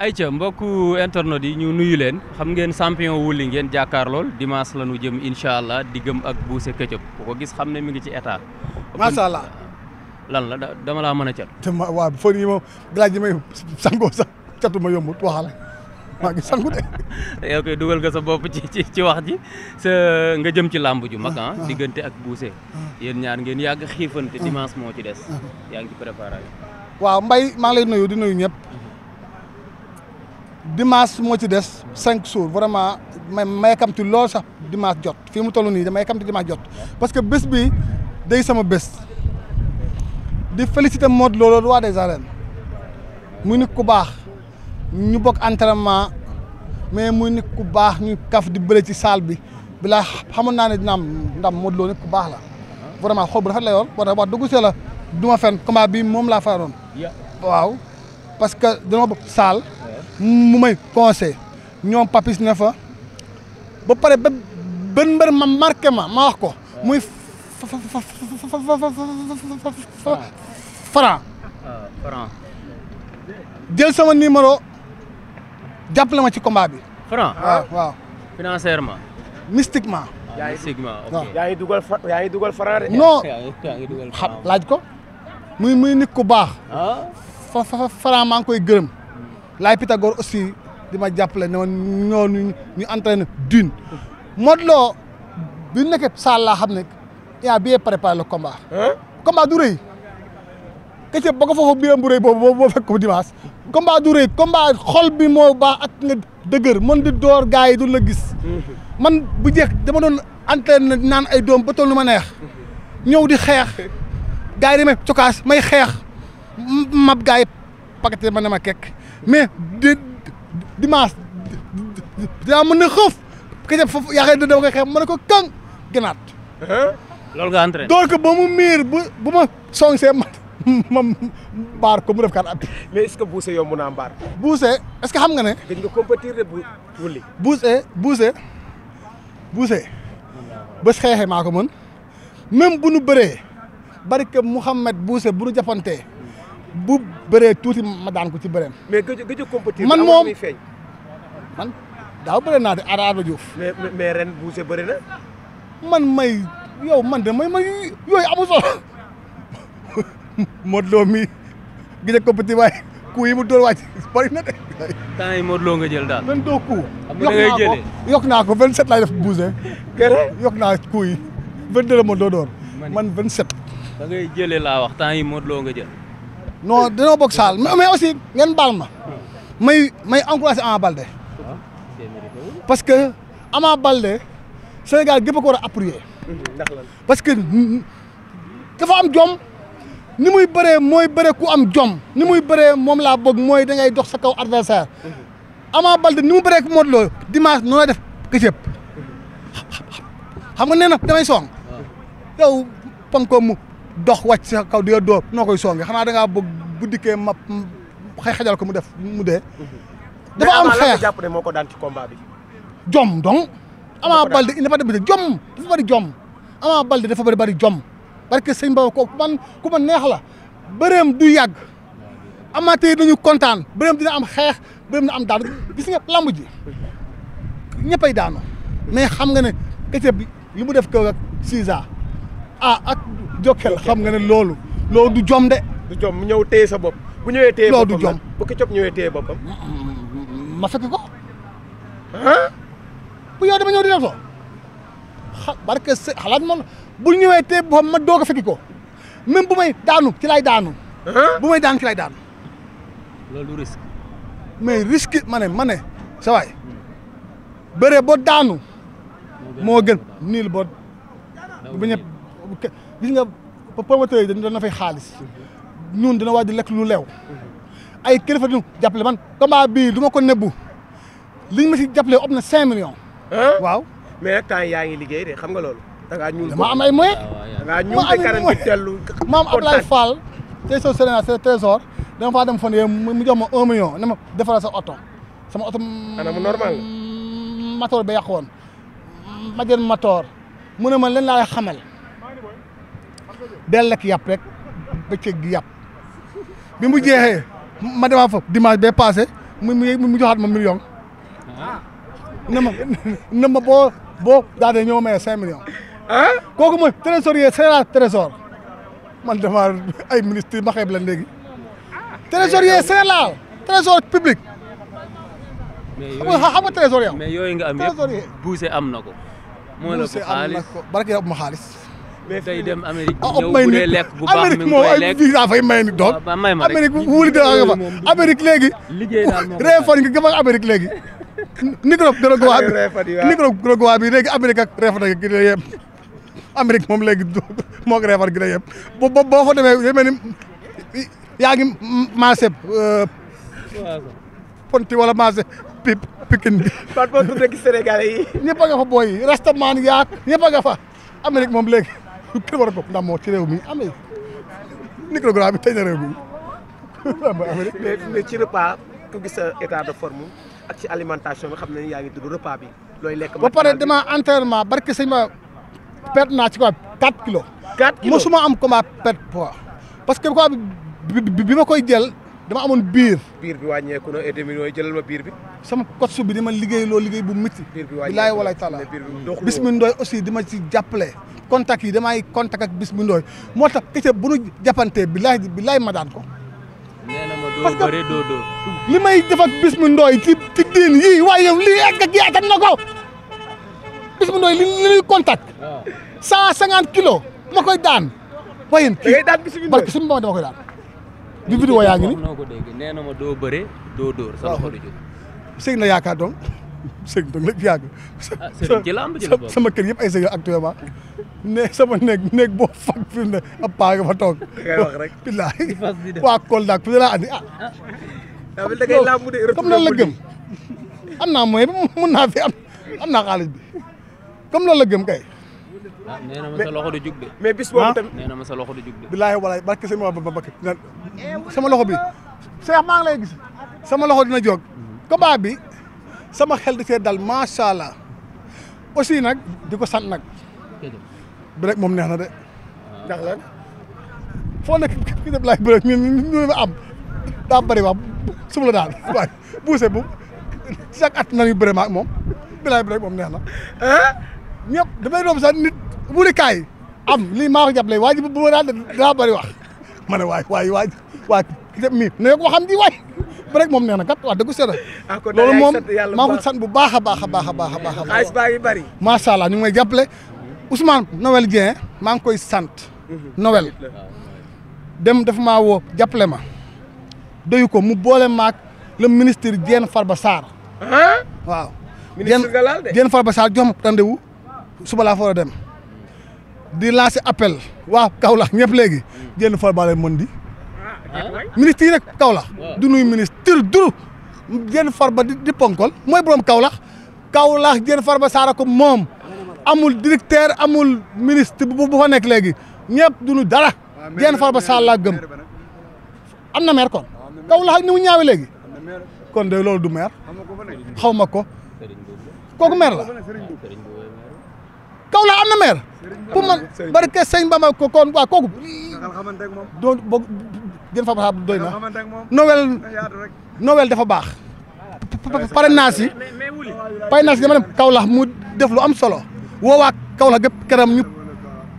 ayca mbokku internet yi ñu nuyu leen xam ngeen champion wulli ngeen jàkkaar lool dimanche la ñu jëm incha allah diggam ak Boucher Ketchup ku ko gis xam ne mu ngi ci état. macha allah lan la dama laa mën a cat. te ma waaw foofu nii moom balaa ji may sangoo sax catu ma yombut waxal maa ngi sangu de. yow koy dugal nga sa bopp ci ci ci wax ji sa nga jëm ci làmb ju mag ah, ah, ah. diggante ak Boucher. Ah. yéen ñaar ngeen yàgg xiifante dimanche moo ci des. yaa ngi ci waaw Mbaye dimanche moo ci des cinq jours vraiment ma may yàkkamti lool sax dimanche jot fii mu toll nii damay yàkkamti dimanche jot parce que bés bi day sama bés di féliciter Modou lool loolu waa des arènes muy nit ku baax ñu bokk entraînement mais muy nit ku baax ñu kaf di bëre ci salle bi bilaa xamoon naa ne dina am ndam Modou Lo nit ku baax la vraiment xool bu rafet la yoon war la du ma moom laa faroon waaw que dama bokk salle mu may conseil ñoom papis ne fa ba pare ba benn mbër ma marqué ma ma wax ko muy Franc jël sama numéro jàppale ma ci combat bi Franc waaw waaw financièrement mystiquement mystiquement yaa ngi dugal ngi dugal Franc de non xam laaj ko muy muy nit ku baax Franc maa ngi koy gërëm laay Pythagore aussi di ma jàppale ne ma ñooñu ñu entraîné d'une Modou Lo bi ñu nekkee saal laa xam ne il a bien préparé le combat. combat du rëy këccëg ba ko foofu biiram bu rëy boobu boo fekk ko dimanche. combat du rëy combat xol bi moo ba ak nga dëgër mën di door gars yi duñ la gis. man bu jeex dama doon entraîné naan ay doom ba toll ma neex. ñëw di xeex gars yi di may cokaas may xeex mab gars yi pakete ma ne ma kekk. mais di dimanche daa mën na xëf ka ca foofu yaakaar da dama koy xeex mën na ko kang ginaat. loolu nga entraîné donc ba mu miir bu bu ma song see ma ma mbaar ko mu def kat at. mais est ce que yow mun naa mbaar. Bousse est que xam nga ne. gëj nga compétir de bu wulli. Bousse Bousse Bousse bés xeexee maa ko mën même bu nu bëree bari que Mouhamed bu nu jàppantee. bu bëree tuuti ma daan ko ci bëreem. mais gëj gëj compétir man moom man daaw bëri naa de Arado Diouf. mais mais ren buuse bëri na. man may yow man de may may yooyu amul solo Modou Lo mi gis compétir waaye coup yi mu dóor wàcc bëri de. temps yi moo Lo nga jël daal. benn doo coup. yokk naa ko yokk naa ko 27 laay def buuse. keroog yokk naa coup yi 22 la Modou Lo door man 27. da ngay jëlee laa wax temps yi moo Lo nga jël. non danoo bokk saal mais aussi ngeen baal ma may may encouragé Ama parce que Ama Baldé Sénégal gépp ko war a appuyer parce que dafa am jom ni muy bëree mooy bëree ku am jom ni muy bëree moom laa bëgg mooy da ngay dox sa kaw adversaire Ama Baldé ni mu bëree ak Modou Lo noonu la def këcëb xam nga nee na damay song yow pankoo dox wàcc sa kaw di la dóor noo koy songe xanaa da bëgg bu dikkee ma xay xajal ko mu def mu dee. Mhm. dafa am xeex jàpp moo ko daan ci combat bi. jom donc. Ama Baldé dafa bëri jom dafa bëri jom Ama Baldé dafa bëri bëri jom parce que sëñ Ba ko man ku ma neex la bëreem du yàgg amateur yi dañu kontaan bëreem dina am xeex bëreem dina am daan gis nga lamb ji ñëppay daanu mais xam nga ne këccëg bi li mu def kaw ak 6 ans ah, Jokkel xam nga ne loolu. loolu du jom de. du mu ñëw téye sa bopp. bu ñëwee téye boppam loolu du jom bu Ketchup ñëwee téye boppam. Mm, mm, ma fekk ko. bu yow dama ñëw di la too. xa barke ñëwee téye boppam ma doog a fekki ko même bu may daanu ci lay daanu. bu may daanu ci lay daanu. mais risque ma ne ma ne sa bëre boo daanu. moo gën niil boo bu ñëpp gis nga. promoteurs yi dana fay xaalis ñun dina waaj di lekk lu leew ay kilifa dina jàppale man combat bii du ma ko nebbu liñ ma si jàppale ëpp na cinq millions waaw mais nag temps yaa ngi liggéey de xam nga loolu da ngaa am ay moyens da ngaa ñuul ay karam ci tellu maam Ablaye Fall tey soo Sénégal c'est trésor dama faa mu jox ma un million ne ma defaral sa oto sama oto anam normal matoor ba yàqu woon ma jël matoor mu ne ma leen laay xamal del lekk yàpp rek bëccëg gi yàpp bi mu jeexee ma demaat fa dimanche bee passé mu mu mu joxaat ma million ne ma ne ma boo boo daanee ñoo maye cinq millions kooku mooy trésorier général trésor man dama ay ministre ma xeeb la léegi trésorier général trésor public xam nga trésor yow mais yooyu nga am yëpp buuse am na ko moo la ko xaalis barke yow ma xaalis day dem Amérique ah, ñëw bu dee lekk bu baax mi ngi koy lekk visa fay gi la yem moom léegi moo ko reefan gi la yem bo boo fa demee yaa ngi maase euh, ponti wala maase pip pikin bi par rapport ak Sénégalais yi ñëpp a nga fa booy yi restaurant yaak ñëpp a fa Amérique moom léegi lu kenn war a topp moo ci réew mi amee Nicaragua bi tey na réew mi. mais mais ci ku gis sa de forme ak ci alimentation bi xam ne yaa ngi tudd repas bi. looy lekk ba pare dama entraînement barke sëñ ma perte naa ci quoi 4 kilos. 4 kilos am comment perte poids. parce que quoi bi bi ma koy jël. dama amoon biir. biir bi wàññeeku na et biir bi. sama coach bi di ma liggéey loo liggéey bu métti. biir bi bilaay walaay taala Bismi Ndoye aussi di ma ci jàppale. contact yi damay contact ak Bismi Ndoye moo tax itam bu nu jàppantee bi bilaay ma daan ko. nee na ma doo bëri li may def ak Bismi Ndoye ci ci diin yow lii egg ak yaatal na ko. Bismi Ndoye li ah. kilos ma koy daan. waaye kii da ngay daan Bismi du vidéo yaa ngi ni noo ko dégg nee na ma doo bëre doo dóor sa loxo na yaakaar donc sëñ dag lépp yàgg ah, ci lamb ji sama kër yëpp ay sëñ actuellement ne sama néeg néeg boo fag fi mu ne fa toog billaay waa Kolda ak fu ne andi ah, ah comme la gëm am naa moyen bi mun naa fi am am naa xaalis bi comme loolu la gëm kay ah nee loxo du jug mais bis boobu ah. tamit nee na loxo du jug de. billaahi walaay barke eh, sama ba bakk loxo bi Cheikh maa ngi lay gis sama loxo dina jóg combat bi sama xel da cee dal macha allah aussi nag di ko san nag. bi rek moom neex na de. Ah. ndax foo nekk kii daf laay bëre ñun ñu am daa bëri wax su daal buuse bu chaque at nañu bëre ma ak moom bi laay moom neex na. ñëpp damay doon sax nit wuli kaay am lii maa ko jàppale waa ji bu ma daal daa bëri wax ma ne waay waay waay waay mi ne ko xam ji waay ba rek moom nee na kat wax dëgg seet la ah, loolu moom maa ngi sant bu baax a baax a baax a baax a baax xaalis baa ngi bëri macha allah ñu ngi may jàppale Ousmane Noël Dieng maa ngi koy sant mhm. Noël dem daf maa woo jàppale ma doyu ko mu boole maag le ministre Diène Farba Sarr ah? waaw Diène Farba Sarr jox ma rendez-vous suba laa fa war a dem di lancer appel waa Kaolack ñëpp léegi génn for bale mën di ministre yi rek Kaolack du nuy ministre dur génn far ba di ponkol mooy borom Kaolack Kaolack génn far ba saara ko moom amul directeur amul ministre bu fa nekk léegi ñëpp duñu dara génn far ba saar laa gëm am na maire kon Kaolack ni mu ñaawe léegi kon de loolu du maire xaw ma ko kooku maire la Kaolack am na maire pour man barke sëñ Bamba ba kon waa kooku doon boog gën fa baax doy na Noël Noël dafa baax pare naa si pare naa si dama dem Kaolack mu def lu am solo woowaa Kaolack gëpp këram ñu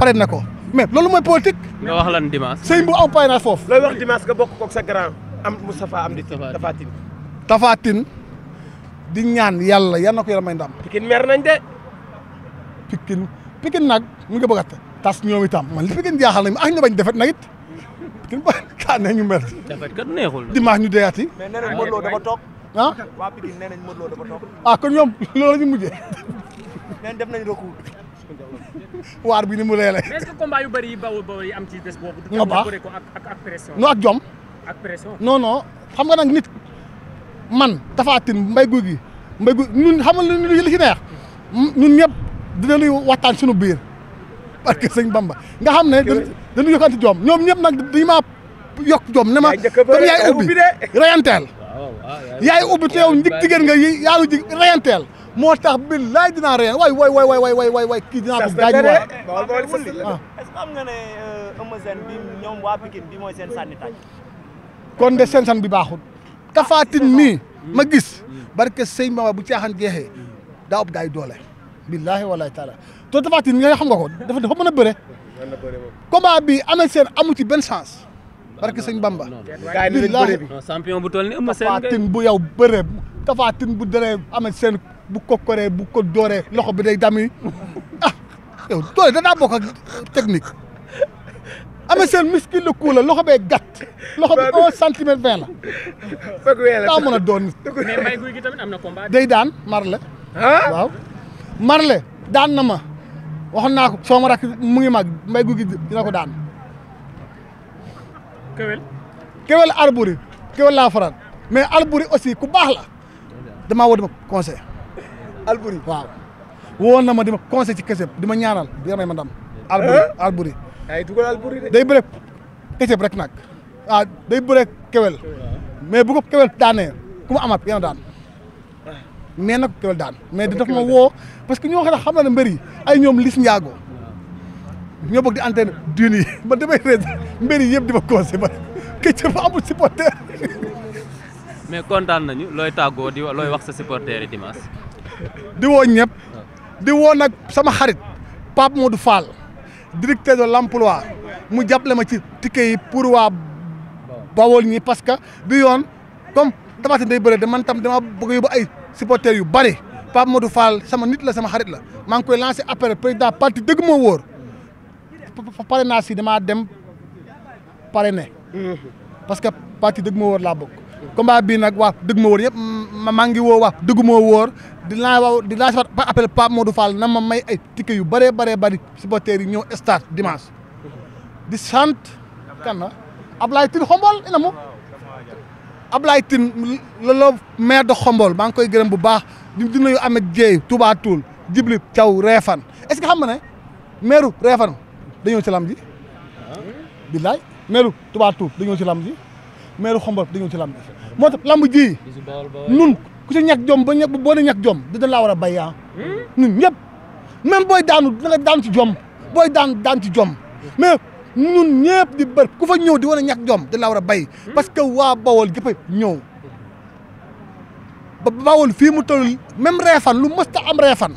pare na ko mais loolu mooy politique. nga wax lan dimanche. sëñ bu am pare naa foofu. looy wax dimanche nga bokk koog sa grand am Moustapha am di Tapha Tine. di ñaan yàlla yal na ko yàlla may ndam. Pikine nañ de. Pikine Pikine nag mu nga bëgg a tas ñoom itam man li Pikine jaaxal nañ ma ah ñu bañ defet nag it Pikine ba ñu mer. defet kat neexul la ñu deyaat yi. mais nee nañ Modou Lo dafa toog. ah waa Pikine toog. ah kon ñoom loolu la ñu mujjee. nee def nañ recours. waar bi ni mu leele. mais est-ce yu bëri yi bawoo bawoo yi am ci bés boobu. nga baax ko ak ak pression. non ak jom. ak pression non xam nga nag nit man Tapha Tine mbay guy gi mbay guy ñun xam nga lu li ci dina dinañuy waxtaan sunu biir parce que sëñ Bamba nga xam ne dañu yokkanti joom ñoom ñëpp na dañu maa yokk joom ne ma comme yaay ubbi reyanteel yaay ubbi te yow njig jigéen nga yi yaalu ji reyanteel moo tax billaay dinaa reyan waay waay waay waay waay waay ko gaañ waay ah. euh, bi kon de seen bi baaxul tafaatin ah, mii ma gis barke sëñ Bamba bu caaxaan jeexee daa ëpp doole billaahi wallaahi taala te Tapha Tine nga xam nga ko dafa dafa mën a bëre. combat bi Eumeu Sène amu ci benn chance. barke sëñ Bamba. billaahi champion bu toll ni Eumeu bu yow bëre Tapha Tine bu dëree Eumeu Sène bu ko bu ko dooree loxo bi day dami ah yow doole danaa bokk ak technique. Eumeu Sène muscle la kuu la loxo bee gàtt loxo bi un centimètre vingt la. foog a doon. na combat. day daan mar Marley daan na ma waxoon naa ko soo ma mu ngi mag mbay gu gi dina ko daan. Kewel. Kewel Alboury Kewel laa faral mais Alboury aussi ku baax la damaa woo di ma conseil Alboury waaw woon na ma di ma conseil ci kësëb di ma ñaanal di may ma ndam. Alboury day bëre kësëb rek nag ah day bëre Kewel mais bu ko Kewel daanee ku mu amat daan. mais nag ko daan mais di daf ma woo parce que ñoo xam ne xam na ne mbër yi ay ñoom lis njaago ñoo bëgg di antenne dun yi man damay ree mbër yi yëpp di ma conseillé ba këcc fa amul supporter mais kontaan nañu looy tàggoo di looy wax sa supporter yi dimanche di woo ñëpp di woo nag sama xarit Pape Modou Fall directeur de l'emploi mu jàppale ma ci ticket yi pour waa Bawol ñi parce que bi yoon comme tamati day bëre de man tam dama bëgg yóbbu ay supporters yu bëri Pape Modou Fall sama nit la sama xarit la maa ngi koy lancé appel président parti dëgg moo wóor parrainage si damaa dem parrainé parce que parti dëgg moo wóor laa bokk combat bii nag waa dëgg moo wóor yëpp maa ngi woo waa dëgg moo wóor di laa waaw di lancé par appel Pape Modou na ma may ay ticket yu bëree bëree bëri supporters yi ñëw stade dimanche di sant kan na Ablaye Tine xombol inamu Ablaye Tine la maire de xombool maa ngi koy gërëm bu baax di di nuyu Amath Dieye Touba Toul Djibril Thiaw Réfane ce que xam nga ne maire Réfane dañoo ci lam di billaay maire Touba Toul dañoo ci lam di maire Xombol dañoo ci lam ji moo tax lamb ji nun ku ci ñàkk jom ba ñàkk boo ne ñàkk jom dina laa war a bay ah. nun ñëpp même booy daanu dina la ci jom booy daan daan ci jom ñun ñëpp di bër ku fa ñëw di wane ñàkk jom di la war a bay hmm. parce que waa Bawol gépp ñëw ba Bawol fii mu toll même reefan lu mësta am reefan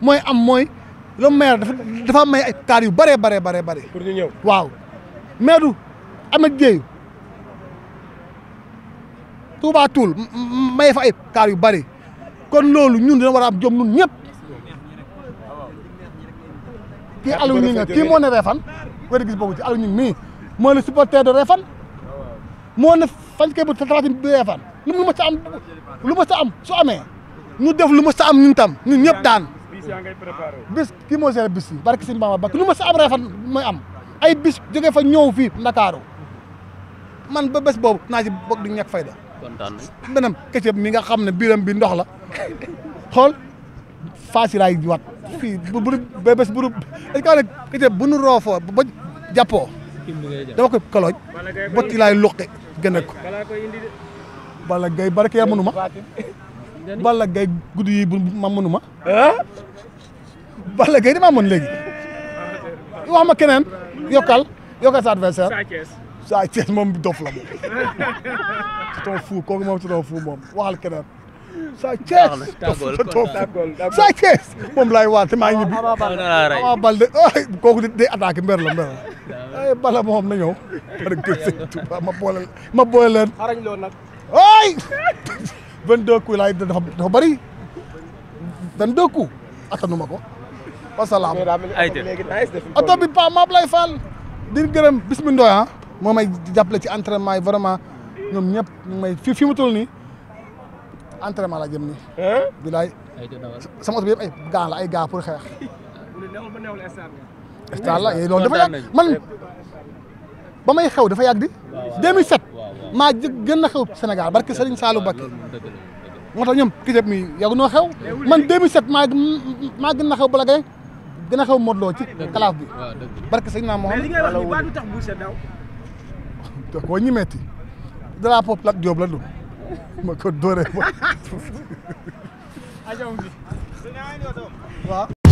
mooy am mooy le maire dafa may ay kaar yu bëree bare bare bëri ñëw waaw maire du may fa yu bëri kon loolu ñun dina war a am jom ñun ñëpp kii Aliou ñi nga kii moo ne reefan wér gis bokku ci Aliou mii moo ne supporter de Refane moo ne fañ koy bu tatin bi Refane lu ma sa am lu ma sa am su amee ñu def lu ma sa am ñun tam ñun ñëpp daan bis kii moo géré bis yi barki sëñ Bamba bakk ma sa am Refane mooy am ay bis fa ñëw fii Ndakaaru man ba bés boobu naa ci bokk di ñàkk fayda kontaan nañ benam kese mi nga xam ne biram bi ndox la xool faasiraay wat fii bu bu ba bés jàppoo dama koy kalooj botti laay luqe gën a ko Balla Gaye barke yaa mënuma Balla Gaye guddi yi bu ma mënuma Balla Gaye damaa mën léegi wax ma keneen yokkal yokkal sa adversaire Sa Thiès moom dof la moom c'est un moom laay waat te maa ngi ñibbi Ama Baldé kooku day attaqué mbër la mbër la ay bala moom na ñëw. barke Sëñ Tuubaa ma boole ma boole leen. xarañ loo nag. ay laay dafa dafa bëri vingt deux coups ko. wasalaam oto bi pa maab lay faal di gërëm bis ah. moo may jàppale ci entraînement yi vraiment ñoom ñëpp ñu may fi fi mu toll nii entraînement la jëm ni bilaay sama oto bi yëpp ay la ay gaa pour xeex stalla loolu dafa yàgg man ba may xew dafa yàgg di 2007 maa gën na xew Sénégal barke Serigne Saliou Mbacké moo tax ñoom kisëb mi yàgg noo xew man 2007 maa maa gën a xew bala gay gën a xew Modou Lo ci kalaaf bi barke Serigne naa moo xam koo ñi metti dara pop lak Diop la du